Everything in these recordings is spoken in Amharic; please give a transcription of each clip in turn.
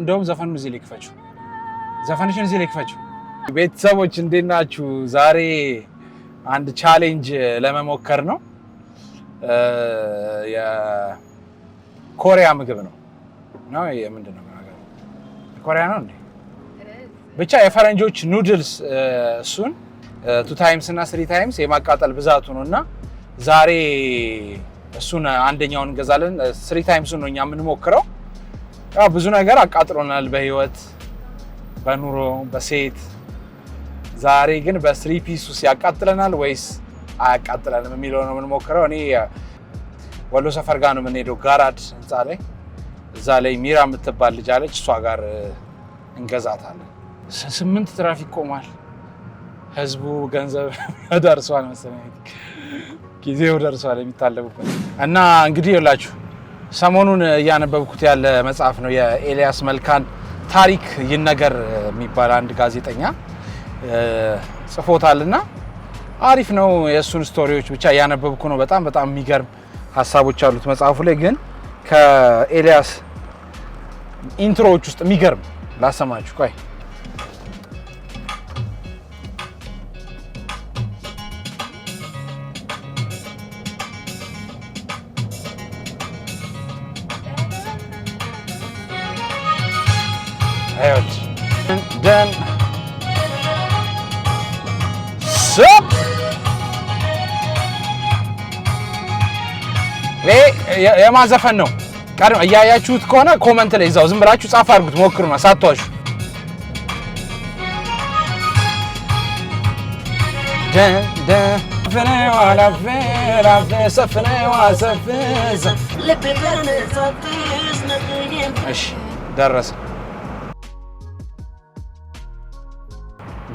እንደውም ዘፈኑን እዚህ ላይ ክፈችው፣ ዘፈንሽን እዚህ ላይ ክፈችው። ቤተሰቦች እንዴት ናችሁ? ዛሬ አንድ ቻሌንጅ ለመሞከር ነው። የኮሪያ ምግብ ነው። ነው ኮሪያ ነው እንዴ? ብቻ የፈረንጆች ኑድልስ እሱን ቱ ታይምስ እና ስሪ ታይምስ የማቃጠል ብዛቱ ነው እና ዛሬ እሱን አንደኛውን እንገዛለን። ስሪ ታይምስ ነው እኛ የምንሞክረው። ብዙ ነገር አቃጥሎናል በህይወት በኑሮ በሴት ዛሬ ግን በስሪ ፒስ ውስጥ ያቃጥለናል ወይስ አያቃጥለንም የሚለው ነው የምንሞክረው። እኔ ወሎ ሰፈር ጋር ነው የምንሄደው፣ ጋራድ ህንፃ ላይ እዛ ላይ ሚራ የምትባል ልጅ አለች። እሷ ጋር እንገዛታለን። ስምንት ትራፊክ ቆሟል። ህዝቡ ገንዘብ ደርሷል መሰለኝ ጊዜው ደርሷል የሚታለቡበት እና እንግዲህ የላችሁ ሰሞኑን እያነበብኩት ያለ መጽሐፍ ነው የኤልያስ መልካን ታሪክ ይነገር የሚባል አንድ ጋዜጠኛ ጽፎታል እና አሪፍ ነው። የእሱን ስቶሪዎች ብቻ እያነበብኩ ነው። በጣም በጣም የሚገርም ሀሳቦች አሉት መጽሐፉ ላይ። ግን ከኤልያስ ኢንትሮዎች ውስጥ የሚገርም ላሰማችሁ ቆይ ደን የማዘፈን ነው። እያያችሁት ከሆነ ኮመንት ላይ እዛው ዝም ብላችሁ ጻፍ አድርጉት፣ ሞክሩና ሳትዋሹ ደረሰ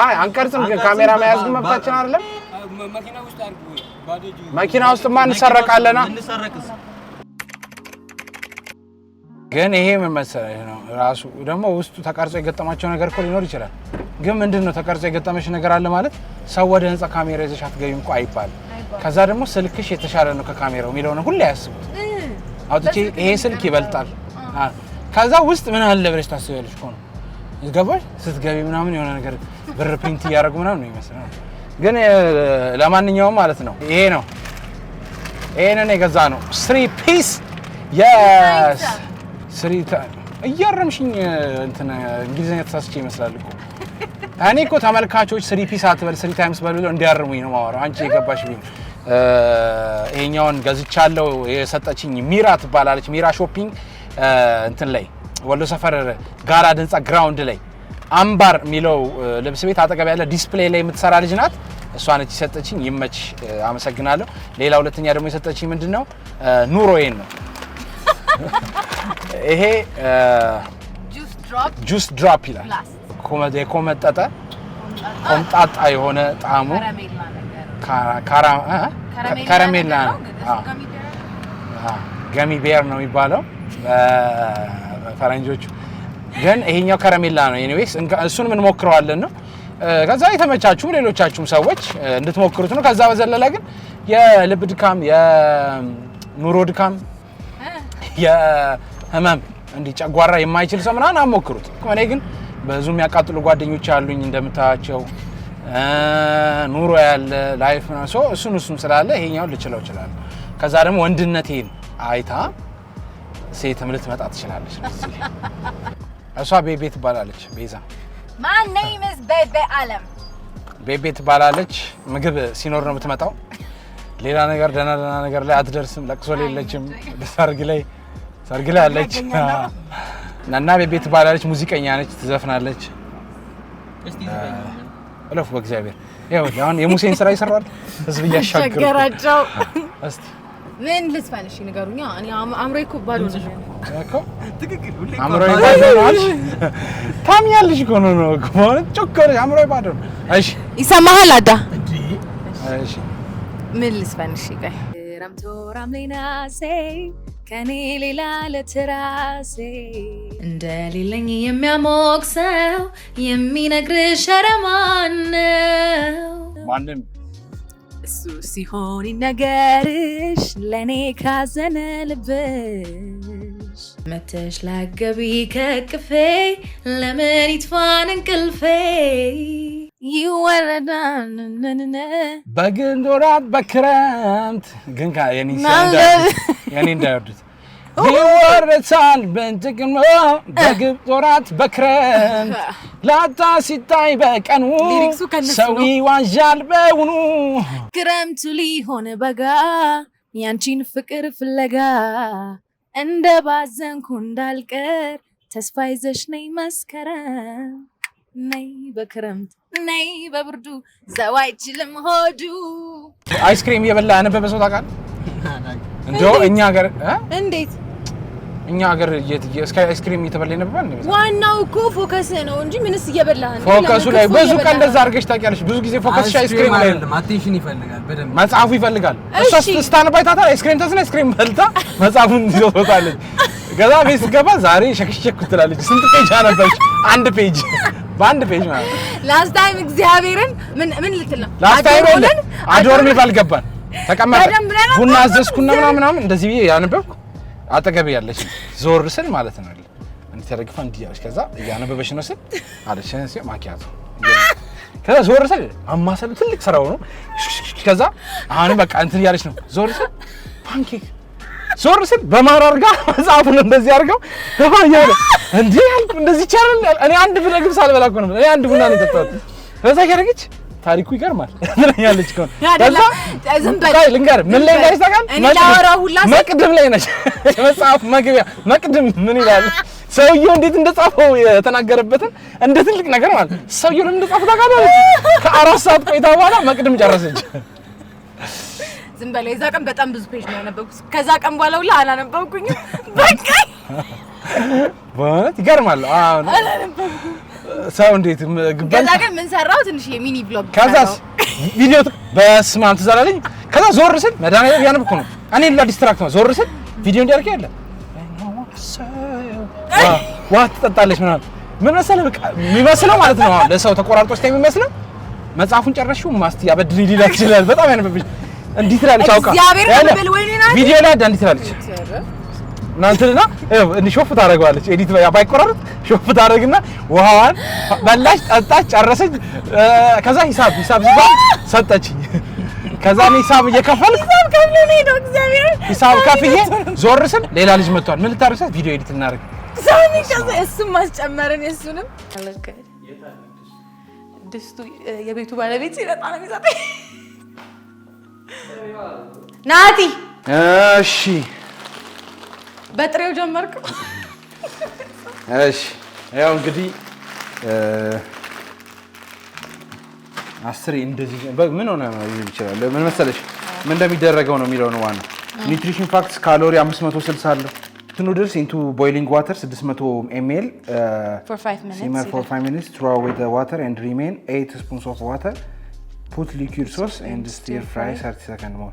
አይ አንቀርጽም። ካሜራ መያዝ ግን መብታችን አይደለም። መኪና ውስጥ እንሰረቃለና ግን ይሄ ምን መሰለህ ነው ራሱ ደግሞ ውስጡ ተቀርጾ የገጠማቸው ነገር እኮ ሊኖር ይችላል። ግን ምንድን ነው ተቀርጾ ነገር አለ ማለት ሰው ወደ ህንፃ ካሜራ ይዘሽ አትገቢም እኮ አይባልም። ከዛ ደግሞ ስልክሽ የተሻለ ነው ከካሜራው ሁሌ ያስቡት። አውጥቼ ይሄ ስልክ ይበልጣል። ከዛ ውስጥ ምን አለ ብለሽ ታስቢያለሽ እኮ ነው ገባሽ። ስትገቢ ምናምን የሆነ ነገር ብር ፕሪንት እያደረጉ ምናምን ነው ይመስላል። ግን ለማንኛውም ማለት ነው ይሄ ነው ይሄንን የገዛ ነው ስሪ ፒስ የስ ስሪ እያረምሽኝ እንትን እንግሊዝኛ ተሳስቼ ይመስላል እኮ እኔ እኮ ተመልካቾች ስሪ ፒስ አትበል ስሪ ታይምስ በል ብለው እንዲያርሙኝ ነው የማወራው። አንቺ የገባሽ ቢሆን ይሄኛውን ገዝቻለሁ። የሰጠችኝ ሚራ ትባላለች። ሚራ ሾፒንግ እንትን ላይ ወሎ ሰፈር ጋራ ድንጻ ግራውንድ ላይ አምባር የሚለው ልብስ ቤት አጠገብ ያለ ዲስፕሌይ ላይ የምትሰራ ልጅ ናት። እሷ ነች የሰጠችኝ። ይመች፣ አመሰግናለሁ። ሌላ ሁለተኛ ደግሞ የሰጠችኝ ምንድን ነው ኑሮዬን ነው። ይሄ ጁስ ድራፕ ይላል። የኮመጠጠ ቆምጣጣ የሆነ ጣዕሙ ከረሜላ ነው። ገሚ ቤር ነው የሚባለው ፈረንጆቹ ግን ይሄኛው ከረሜላ ነው። ኤኒዌይስ እሱን ምን ሞክረዋለን ነው ከዛ የተመቻችሁ ሌሎቻችሁም ሰዎች እንድትሞክሩት ነው። ከዛ በዘለለ ግን የልብ ድካም፣ የኑሮ ድካም፣ የህመም እንዲህ ጨጓራ የማይችል ሰው ምናምን አሞክሩት። እኔ ግን ብዙ የሚያቃጥሉ ጓደኞች አሉኝ እንደምታያቸው ኑሮ ያለ ላይፍ ምናምን እሱን እሱም ስላለ ይሄኛውን ልችለው ይችላል። ከዛ ደግሞ ወንድነቴን አይታ ሴትም ልትመጣ ትችላለች። እሷ ቤቤ ትባላለች። ቤዛ ማነይምስ ቤቤ አለም ቤቤ ትባላለች። ምግብ ሲኖር ነው የምትመጣው። ሌላ ነገር ደህና ደህና ነገር ላይ አትደርስም። ለቅሶ ሌለችም። ሰርግ ላይ ሰርግ ላይ አለች እና ቤቤ ትባላለች። ሙዚቀኛ ነች፣ ትዘፍናለች። እለፉ በእግዚአብሔር። ይኸውልህ አሁን የሙሴን ስራ ይሰራል ህዝብ እያሻገራቸው እስቲ ምን ልስፈን? እሺ ንገሩኛ። እኔ አእምሮዬ እኮ ባዶ ነው እኮ ትክክል። ሁሌ አእምሮዬ ባዶ ነው አልሽ። ታምኛለሽ እኮ ነው ነው እኮ ማለት ጮክ አእምሮዬ ባዶ ነው። እሺ ይሰማሃል አዳ። እሺ ምን ልስፈን? እሺ ቆይ ራምቶ ራምሌናሴ ከኔ ሌላ ለትራሴ እንደሌለኝ የሚያሞቅ ሰው የሚነግርሽ ኧረ ማን ማንም እሱ ሲሆን ነገርሽ ለእኔ ካዘነ ልብሽ መተሽ ላገቢ ከቅፌ ለምን ይትፋን እንቅልፌ ይወረዳን በግንድ ወራት በክረምት ግን የኔ እንዳይወዱት ይወረሳል በጥቅም በግብ ወራት በክረምት ላታ ሲታይ በቀኑ ሰው ይዋዣል በውኑ ክረምቱ ሊሆን በጋ ያንቺን ፍቅር ፍለጋ እንደ ባዘንኩ እንዳልቀር ተስፋ ይዘሽ ነይ መስከረም ነይ በክረምት ነይ በብርዱ ዘዋ አይችልም ሆዱ። አይስክሪም እየበላ ያነበበ ሰው ታውቃለህ? እንደው እኛ ሀገር እንዴት እኛ ሀገር እስከ አይስክሪም እየተበላ ነበር። ዋናው እኮ ፎከስ ነው እንጂ ምንስ እየበላህ ነው? ፎከሱ ላይ ብዙ ቀን እንደዛ አድርገሽ ታውቂያለሽ። ብዙ ጊዜ ፎከስሽ አይስክሪም ላይ ነው። አቴንሽን ይፈልጋል፣ በደንብ መጽሐፉ ይፈልጋል። እሷ ስታነባ ይታታል። አይስክሪም ተስነ አይስክሪም በልታ መጽሐፉን ይዘውታለች። ከዛ ቤት ስትገባ ዛሬ ሸክሸክ ትላለች። ስንት ፔጅ አነበብሽ? አንድ ፔጅ በአንድ ፔጅ ማለት ላስት ታይም እግዚአብሔርን ምን ምን ልትል ነው? ላስት ታይም አዶርም ይባል ገባን ተቀመጠ ቡና አዘዝኩና ምናምን እንደዚህ ብዬ ያነበብኩ አጠገብ ያለች ዞር ስል ማለት ነው እንዲህ ተደግፋ እንዲህ ያለች ከዛ እያነበበች ነው ስል አለች ማኪያቱ ከዛ ዞር ስል ትልቅ ስራው ነው። ከዛ በቃ እንትን ነው ዞር ስል ፓንኬክ ዞር ስል በማር መጽሐፉን እንደዚህ እንዲህ እንደዚህ ይቻላል። እኔ አንድ ብለግብ ሳልበላ እኮ ነው እኔ አንድ ቡና ነው የጠጣሁት። ከዛ ታሪኩ ይገርማል ትለኛለች። ልንገርህ ምን ላይ ሁላ መቅድም ላይ ነች። የመጽሐፍ መግቢያ መቅድም ምን ይላል ሰውየው እንዴት እንደጻፈው የተናገረበትን እንደ ትልቅ ነገር ማለት ሰውየው እንደጻፈው ታውቃለህ? ከአራት ሰዓት ቆይታ በኋላ መቅድም ጨረሰች። ዝም በለው። የዛ ቀን በጣም ብዙ ፔጅ ነው ያነበብኩት። ከዛ ቀን በኋላ ሁላ አላነበብኩኝም። በቃ በእውነት ይገርማል። አዎ አላነበብኩም ሰው እንዴት ገዛ ግን ምን ሰራው? ትንሽ የሚኒ ብሎግ ከዛስ ቪዲዮ በስመ አብ ትዝ ከዛ ዞር ስል መድኃኒዓለም ያንብ ነው እኔ ላ ዲስትራክት ነው። ዞር ስል ቪዲዮ እንዲያርክ ያለ ዋህ ትጠጣለች ምናምን ምን መሰለህ በቃ የሚመስለው ማለት ነው ለሰው ተቆራርጦ ስታይ የሚመስለው መጽሐፉን ጨረሽው ማስቲ ያበድሪ ሊላ ይችላል። በጣም ያንብብሽ እንዲህ ትላለች አውቃ ቪዲዮ ላይ እንዲህ ትላለች እናንተና ሾፍ ታደርገዋለች። ኤዲት ባይቆራረጥ ሾፍ ታደርግና ውሃዋን በላች፣ ጠጣች፣ ጨረሰች። ከዛ ሂሳብ ሂሳብ ሲባል ሰጠችኝ። ከዛ እኔ ሂሳብ እየከፈልኩ ሂሳብ ነው እግዚአብሔር ከፍዬ ዞር ስል ሌላ ልጅ መጥቷል። ምን ልታደርግ ቪዲዮ ኤዲት እናደርግ እሱም ማስጨመርን የሱንም ድስቱ የቤቱ ባለቤት ሲመጣ ነው የሚሰጠኝ ናቲ እሺ በጥሬው ጀመርክ። እሺ ያው እንግዲህ አስሬ እንደዚህ ምን ሆነ ይችላል። ምን መሰለሽ ምን እንደሚደረገው ነው የሚለው ነው ዋናው። ኒውትሪሽን ፋክትስ ካሎሪ 560 አለው ኑድልስ ኢንቱ ቦይሊንግ ዋተር 600 ኤምኤል ሲመር ፎር ፋይቭ ሚኒትስ ትሮ አዌይ ዘ ዋተር ኤንድ ሪሜን ኤይት ስፑንስ ኦፍ ዋተር ፑት ሊኩድ ሶስ ኤንድ ስቲር ፍራይ 30 ሰከንድ ሞር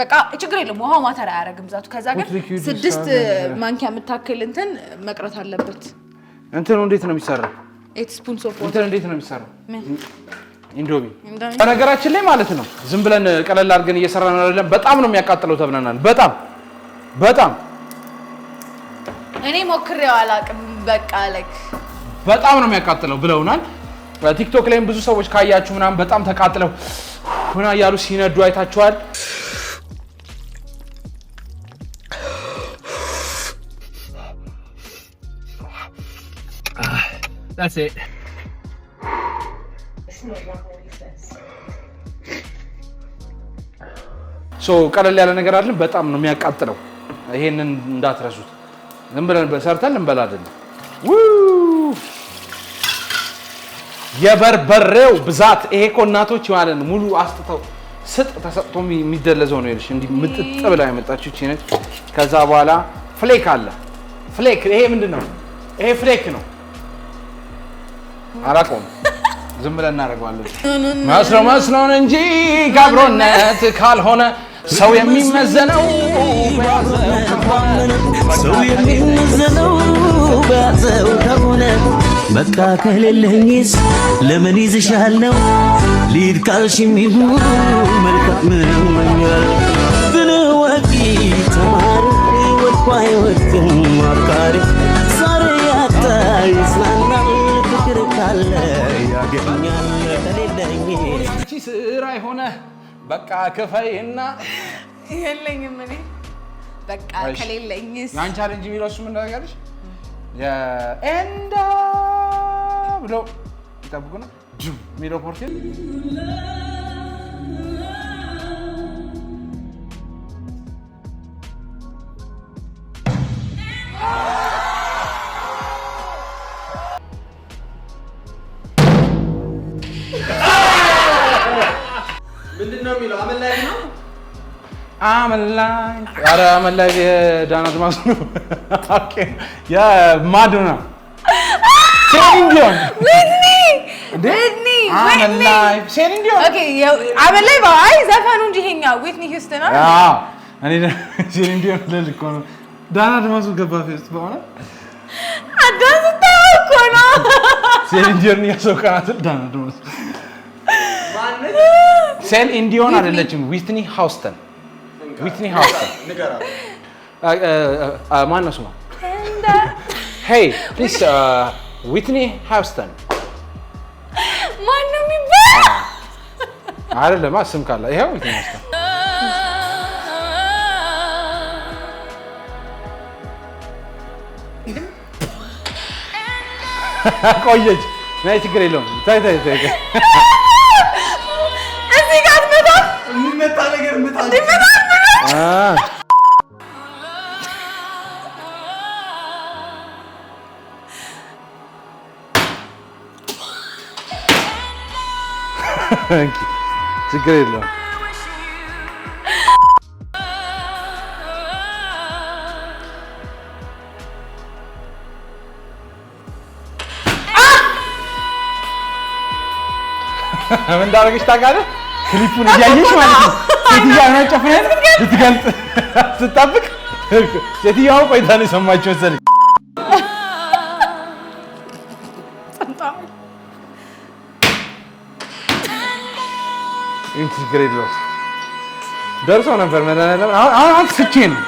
በቃ ችግር የለም። ውሃው ማተር አያደርግም ዛቱ። ከዛ ግን ስድስት ማንኪያ የምታክል እንትን መቅረት አለበት። እንትኑ እንዴት ነው የሚሰራው? ኤክስፑን እንትን እንዴት ነው የሚሰራ? ኢንዶሚ በነገራችን ላይ ማለት ነው ዝም ብለን ቀለል አድርገን እየሰራን አይደለም። በጣም ነው የሚያቃጥለው ተብለናል። በጣም በጣም እኔ ሞክሬው አላውቅም። በቃ ለክ በጣም ነው የሚያቃጥለው ብለውናል። ቲክቶክ ላይም ብዙ ሰዎች ካያችሁ ምናምን በጣም ተቃጥለው ሁና እያሉ ሲነዱ አይታችኋል። That's it. ሶ ቀለል ያለ ነገር አይደለም። በጣም ነው የሚያቃጥለው። ይሄንን እንዳትረሱት። ዝም ብለን ሰርተን ልንበላ አይደለም። የበርበሬው ብዛት ይሄ እኮ እናቶች ማለት ሙሉ አስጥተው ስጥ ተሰጥቶ የሚደለዘው ነው። ይኸውልሽ እንዲህ ምጥጥ ብላ የመጣችው ነች። ከዛ በኋላ ፍሌክ አለ። ፍሌክ ይሄ ምንድን ነው? ይሄ ፍሌክ ነው። አላቆም ዝም ብለን እናደርገዋለን። መስሎ መስሎን እንጂ ከአብሮነት ካልሆነ ሰው የሚመዘነው ሰው የሚመዘነው በያዘው ከሆነ በቃ ከሌለኝስ ለምን ይዝሻለው? ልሂድ ካልሽኝ ሂዱ መልካም መኛል ብንወቂ ተማሪ ወድቋ አይወድቅም አፍቃሪ ዛሬ ያጣ ይዝናል ላይ ሆነ በቃ እና የለኝም እኔ በቃ ከሌለኝ ያን አለ የሚለው እሱ ምን ታደርጊያለሽ? ኤንዳ ብሎ ይጠብቁና የሚለው ፖርቴል አመላይ ኧረ አመላይ የዳን አድማሱ ነው። ኦኬ ያ ማዶና ሴሊን ዲዮን ዊትኒ ዊትኒ አመላይ ሴሊን ዲዮን ኦኬ አመላይ ዘፈኑ እንጂ ይሄኛ ዊትኒ ሂውስተን እኔ ሴሊን ዲዮን ነው። ዳን ገባ ፌስት በሆነ ነው ሴሊን ዲዮን ዳን ሴሊን ዲዮን አይደለችም ዊትኒ ዊትኒ ሃውስተን ማን ነው ስሟ? ሄይ ፕሊዝ ዊትኒ ሃውስተን ማን ነው የሚባለው? አይደለማ ስም ካለ ይኸው ዊትኒ ሃውስተን ቆየች። ናይ ችግር የለውም። ታይ ታይ ታይ እዚህ ጋር መጣ ነገር መጣ Ah. Incrível. Mendadak iş takar. Klip bunu aí, mi? ሴትዮዋ ነው ጨፍና ልትገልጥ ስጠብቅ ሴትዮዋ ቆይታ ነው የሰማች መሰለኝ። ችግር የለውም ደርሶ ነበር። መድኃኒዓለም አሁን ስቼ ነው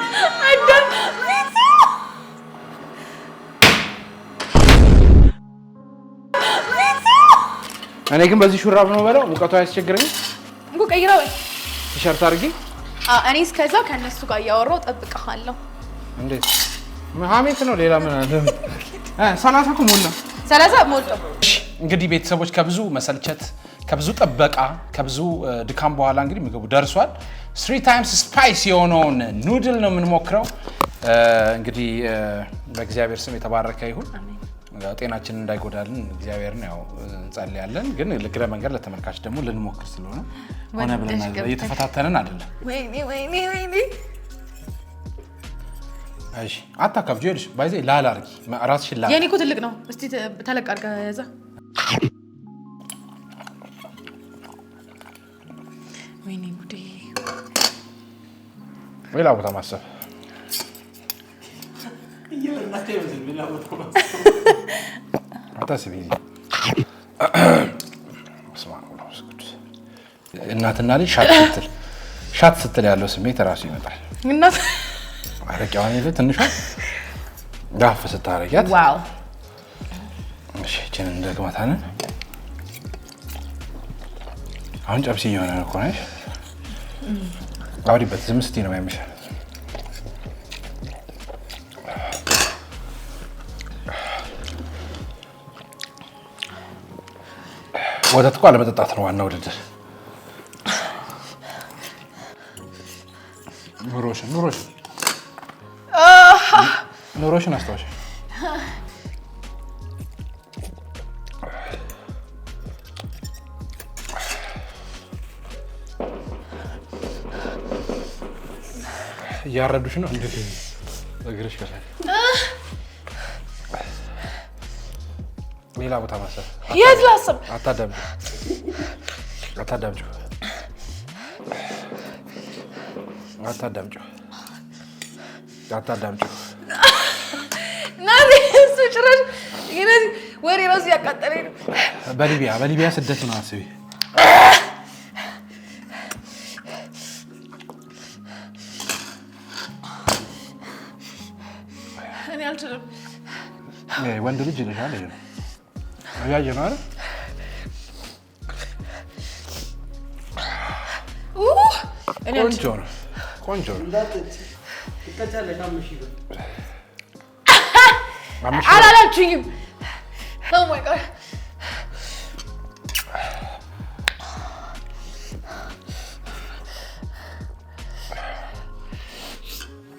እኔ ግን በዚህ ሹራብ ነው በለው ሙቀቷ ያስቸግረኝ። ቲሸርት አድርጊ። እኔ እስከዛው ከእነሱ ጋር እያወራሁ እጠብቅሃለሁ። እንዴት ሀሜት ነው? ሌላ ምን አለ? ሰላሳ እኮ ሞላ። ሰላሳ ሞልቶ እንግዲህ ቤተሰቦች ከብዙ መሰልቸት ከብዙ ጥበቃ ከብዙ ድካም በኋላ እንግዲህ ምግቡ ደርሷል። ስሪ ታይምስ ስፓይስ የሆነውን ኑድል ነው የምንሞክረው። እንግዲህ በእግዚአብሔር ስም የተባረከ ይሁን። ጤናችን እንዳይጎዳልን እግዚአብሔርን ያው እንጸልያለን። ግን ልክ ለመንገድ ለተመልካች ደግሞ ልንሞክር ስለሆነ ሆነ ብለን እየተፈታተንን አይደለም። ወይኔ ወይኔ ወይኔ አታካብጂ ይኸውልሽ፣ ባይዘ ላል አድርጊ እራስሽን ላል የኔ እኮ ትልቅ ነው። እስኪ ተለቅ አድርገህ እዛ ሌላ ቦታ ማሰብ እናትና ልጅ ሻት ስትል ሻት ስትል ያለው ስሜት እራሱ ይመጣል። እናት አረቂዋን ይዘህ ትንሿ ዳፍ ስታረጊያት ችን እንደግመታለን። አሁን ጨብሲ እየሆነ ነው እኮ ነሽ። አውሪበት። ዝም ስትይ ነው የሚሻል ወተት እኮ አለመጠጣት ነው ዋና ውድድር። ኑሮሽን ኑሮሽን ኑሮሽን አስታውሽ። እያረዱሽ ነው እንዴ? እግርሽ ከሳል ሌላ ቦታ ማሰብ የት ላስብ? አታዳምጪው፣ አታዳምጪው፣ አታዳምጪው፣ ናዚ እሱ ጭራሽ ወሬ እራሱ ያቃጠለኝ ነው። በሊቢያ በሊቢያ ስደት ነው አስቢ ወንድ ልጅ ይልሻል። አያየህ ነው አይደል? ቆንጆ ነው፣ ቆንጆ ነው። አላላችሁኝም? አሁን መጣ፣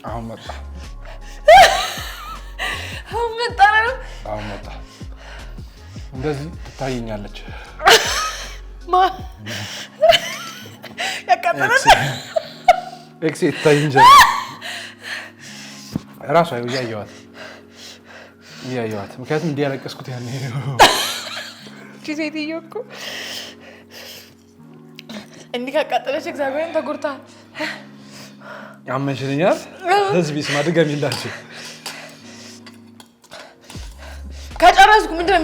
አሁን መጣ፣ አሁን መጣ እንደዚህ ትታየኛለች። ኤክሴ ትታየኛለች። እራሷ እያየዋት እያየዋት ምክንያቱም እንዲያለቀስኩት ያ ሴትዮ እኮ እንዲህ ካቃጠለች እግዚአብሔርን ተጎድታ አመንሽልኛል። ህዝብ ይስማ ድገሚላቸው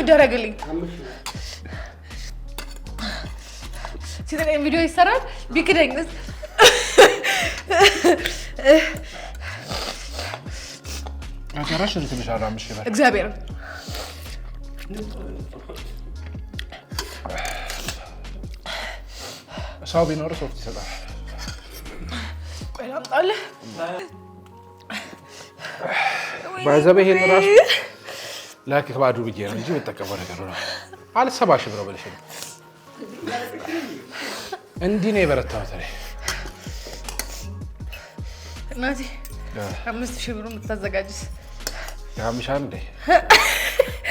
ይደረግልኝ። ሲጠቀኝ ቪዲዮ ይሰራል። ቢክደኝስ? አሰራሽ እግዚአብሔር ሰው ቢኖር ሶፍት ይሰጣል። ቆይ ላምጣልህ። ባይዘበ ይሄን ራሱ ለክባዱ ብዬ ነው እንጂ የምጠቀመው ነገር ነው። አልሰባ ሺህ ብር ብለሽ እንዲህ ነው የበረታው። ታዲያ እናቴ አምስት ሺህ ብሩ የምታዘጋጅስ ያምሻል እንዴ?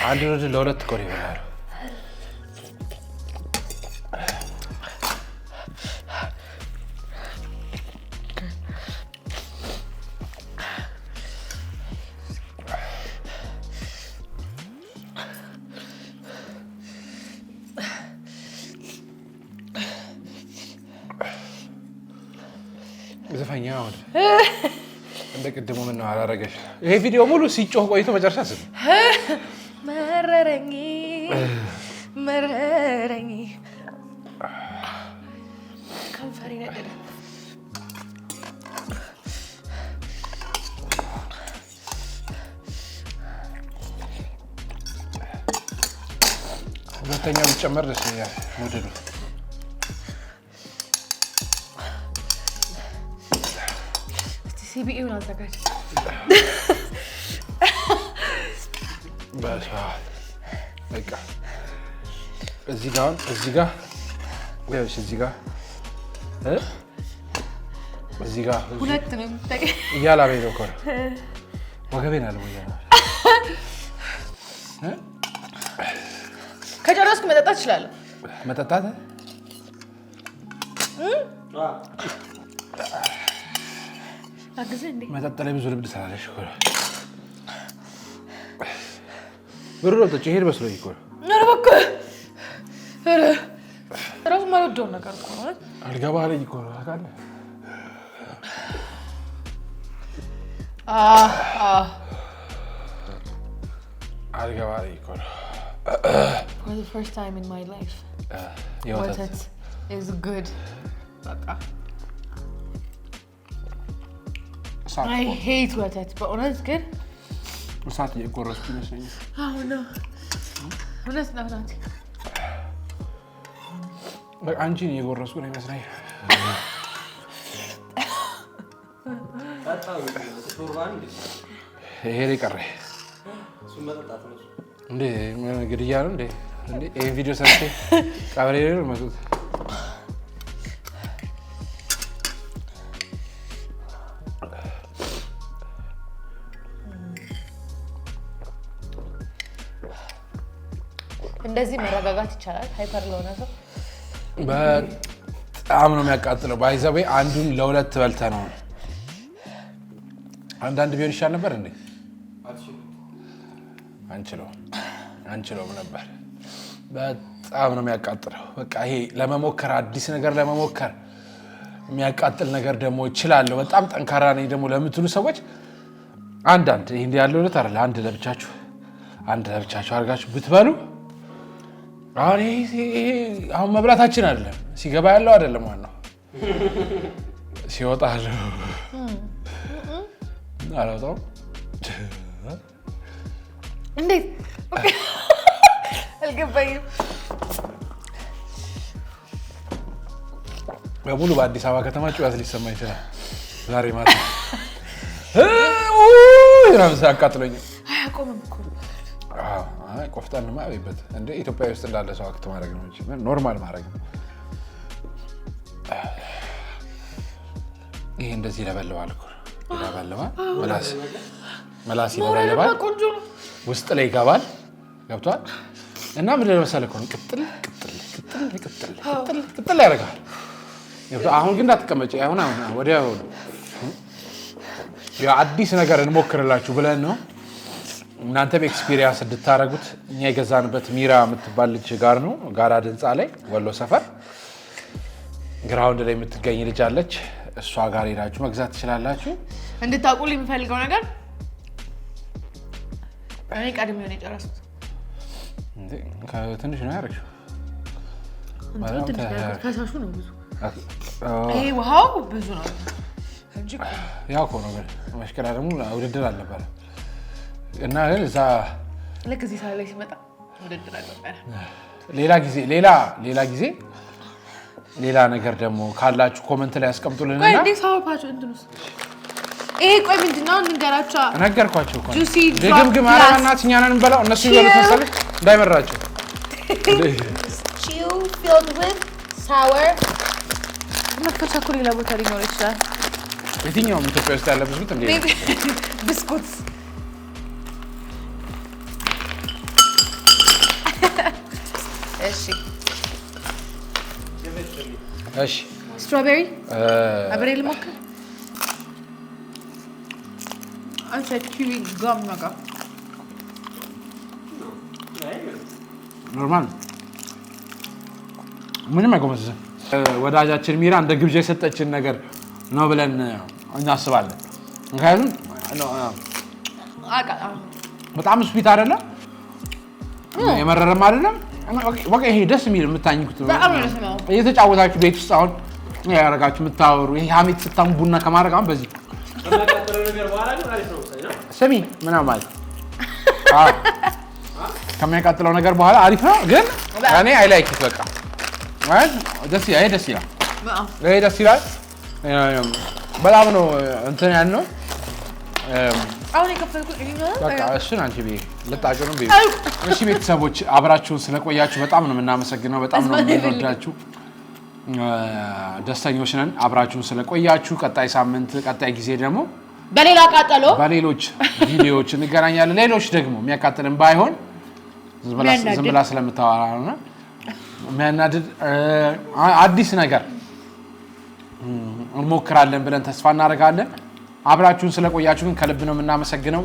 አንድ ለሁለት ኮር ነው ይበላሉ እንደ ቅድሙ ምን ነው አላረገሽ? ይሄ ቪዲዮ ሙሉ ሲጮህ ቆይቶ መጨረሻ ስ መረረኝ መረረኝ ነገር ሁለተኛው ጨመር ደስ ይላል ሲቢኤውን አዘጋጅ። እዚህ ጋር እዚህ ጋር እዚህ ጋር እዚህ ጋር ሁለት ነው እያላበኝ ነው እኮ ነው ወገቤን አለ ከጨረስኩ መጠጣት እችላለሁ። መጠጣት መጠጥ ላይ ብዙ ልምድ ስላለሽ እኮ ነው። ብሩ ነው ጠጪ። ይሄድ መስሎኝ እኮ ነው። ኧረ እባክህ እራሱ የማልወደው ነገር እኮ ነው። አልጋ ባህለኝ እኮ ነው ታውቃለህ። አልጋ ባህለኝ እኮ ነው። ሄት ወተት በእውነት ግን እሳት እየጎረስኩ ይመስለኛል። እውነት ነው። አንቺን እየጎረስኩ ነው ይመስለኛል። ይሄ ቀረ እንዴ? ግድያ ነው እንዴ? ይህን ቪዲዮ ሰርቼ ቀበሌ መጡት መዋጋት ይቻላል። ሃይፐር ለሆነ ሰው በጣም ነው የሚያቃጥለው። ባይዘቤ አንዱን ለሁለት በልተ ነው አንዳንድ ቢሆን ይሻል ነበር እንዴ? አንችለው አንችለውም ነበር። በጣም ነው የሚያቃጥለው። በቃ ይሄ ለመሞከር አዲስ ነገር ለመሞከር የሚያቃጥል ነገር ደግሞ እችላለሁ በጣም ጠንካራ ነኝ ደግሞ ለምትሉ ሰዎች አንዳንድ ይህ እንዲ ያለ ሁለት አለ አንድ ለብቻችሁ አንድ ለብቻችሁ አድርጋችሁ ብትበሉ አሁን መብላታችን አለ ሲገባ ያለው አይደለም ዋናው ሲወጣ አለው አላውጣውም። እንዴት አልገባኝም። በሙሉ በአዲስ አበባ ከተማ ጩኸት ሊሰማ ይችላል። ዛሬ ማታ አቃጥሎኛል። ቆፍጠን ቤበት እንደ ኢትዮጵያ ውስጥ እንዳለ ሰው አክት ማድረግ ነው እንጂ ኖርማል ማድረግ ነው። ይሄ እንደዚህ ይለበልባል ይለበልባል፣ መላስ ይለበልባል፣ ውስጥ ላይ ይገባል። ገብቷል እና ምንድን ነው መሰለህ ከሆነ ቅጥል ቅጥል ቅጥል ቅጥል ያደርጋል። አሁን ግን እንዳትቀመጭ፣ አሁን ወዲያ አዲስ ነገር እንሞክርላችሁ ብለን ነው እናንተም ኤክስፒሪየንስ እንድታደረጉት እኛ የገዛንበት ሚራ የምትባል ልጅ ጋር ነው ጋራ ድንፃ ላይ ወሎ ሰፈር ግራውንድ ላይ የምትገኝ ልጅ አለች። እሷ ጋር ሄዳችሁ መግዛት ትችላላችሁ። እንድታውቁ የሚፈልገው ነገር እኔ ቀድሜ ነው የጨረስኩት። ትንሽ ነው ያደረግሽው። ከሳሹ ነው ብዙ ይሄ ውሃው ብዙ ነው። ያው እኮ ነው ግን መሽከራ ደግሞ ውድድር አልነበረም እና ግን እዛ ልክ እዚህ ላይ ሲመጣ ውድድር አልነበረ። ሌላ ጊዜ ሌላ ሌላ ጊዜ ሌላ ነገር ደግሞ ካላችሁ ኮመንት ላይ ያስቀምጡልን። ይሄ ቆይ ምንድን ነው እንገራቸው። ነገርኳቸው እኮ ግግም ኧረ በእናትህ እኛ ነን እንበላው። እነሱ ይበሉት መሰለኝ እንዳይመራቸው። መክፈቻ እኮ ሌላ ቦታ ሊኖር ይችላል። የትኛውም ኢትዮጵያ ውስጥ ያለ ብስኩት ብስኩት እሺ ስትሮቤሪ አብሬ ልሞክር። አንተ ኪዊ ጋም ነገር ኖርማል ምንም አይጎመዝም። ወዳጃችን ሚራ እንደ ግብዣ የሰጠችን ነገር ነው ብለን እናስባለን። ምክንያቱም በጣም ስዊት አይደለም፣ የመረረም አይደለም ይሄ ደስ የሚል የምታኝኩት እየተጫወታችሁ ቤት ውስጥ አሁን ያደረጋችሁ የምታወሩ ይሄ ሀሜት ስታሙ ቡና ከማድረግ አሁን በዚህ ስሚ ምናምን ማለት ከሚያቃጥለው ነገር በኋላ አሪፍ ነው፣ ግን እኔ አይ ላይክ በቃ ደስ ይላል። ይሄ ደስ ይላል። በጣም ነው እንትን ያልነው አሁን የከፈልኩት በቃ እሱን አንቺ ቤ ልጣጩንም ቤ እሺ። ቤተሰቦች አብራችሁን ስለቆያችሁ በጣም ነው የምናመሰግነው፣ በጣም ነው የምንወዳችሁ። ደስተኞች ነን አብራችሁን ስለቆያችሁ። ቀጣይ ሳምንት፣ ቀጣይ ጊዜ ደግሞ በሌላ ቃጠሎ በሌሎች ቪዲዮዎች እንገናኛለን። ሌሎች ደግሞ የሚያቃጥልን ባይሆን ዝም ብላ ስለምታወራ ነው የሚያናድድ አዲስ ነገር እንሞክራለን ብለን ተስፋ እናደርጋለን። አብራችሁን ስለቆያችሁ ግን ከልብ ነው የምናመሰግነው።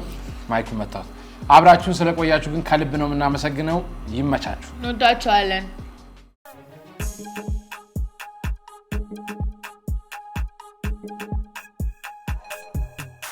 ማይኩ መታት። አብራችሁን ስለቆያችሁ ግን ከልብ ነው የምናመሰግነው። ይመቻችሁ። እንወዳችኋለን።